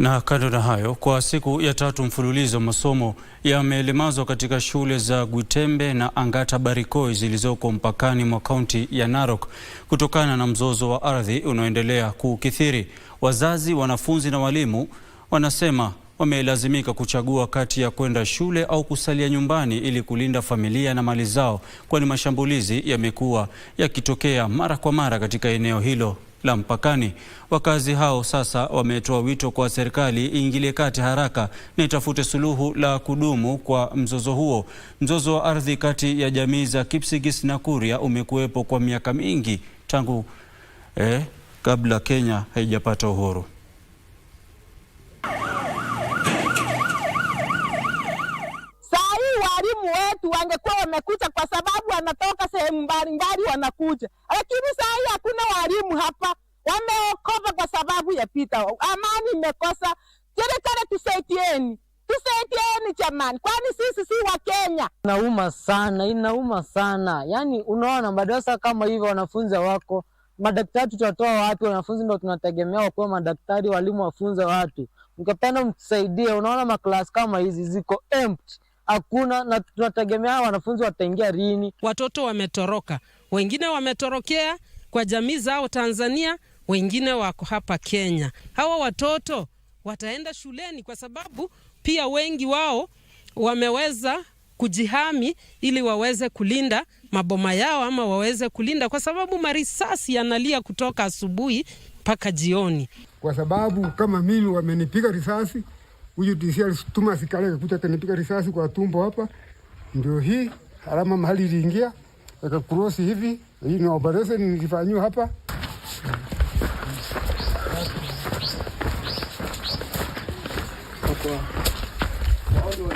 Na kando na hayo, kwa siku ya tatu mfululizo masomo yamelemazwa katika shule za Gwitembe na Angata Barikoi zilizoko mpakani mwa kaunti ya Narok kutokana na mzozo wa ardhi unaoendelea kukithiri. Wazazi, wanafunzi na walimu wanasema wamelazimika kuchagua kati ya kwenda shule au kusalia nyumbani ili kulinda familia na mali zao, kwani mashambulizi yamekuwa yakitokea mara kwa mara katika eneo hilo la mpakani. Wakazi hao sasa wametoa wito kwa serikali iingilie kati haraka na itafute suluhu la kudumu kwa mzozo huo. Mzozo wa ardhi kati ya jamii za Kipsigis na Kuria umekuwepo kwa miaka mingi tangu eh, kabla Kenya haijapata uhuru. wangekuwa wamekuja, kwa sababu wanatoka sehemu mbalimbali wanakuja, lakini saa hii hakuna walimu hapa, wameokopa kwa sababu ya pita, amani imekosa. Serikali tusaidieni, tusaidieni jamani, kwani sisi si Wakenya. Inauma sana, inauma sana. Yaani unaona madarasa kama hivyo, wanafunzi wako madaktari tutatoa wapi? Wanafunzi ndo tunategemea wakuwa madaktari, walimu wafunze watu. Mkipenda mtusaidie. Unaona maklasi kama hizi ziko empty hakuna, na tunategemea hawa wanafunzi wataingia lini? Watoto wametoroka, wengine wametorokea kwa jamii zao Tanzania, wengine wako hapa Kenya. Hawa watoto wataenda shuleni kwa sababu pia wengi wao wameweza kujihami ili waweze kulinda maboma yao ama waweze kulinda, kwa sababu marisasi yanalia kutoka asubuhi mpaka jioni, kwa sababu kama mimi wamenipiga risasi huyu DC alituma askari akakuja akanipiga risasi kwa tumbo hapa, ndio hii alama mahali iliingia, akakrosi hivi. Hii ni operation nilifanyiwa hapa.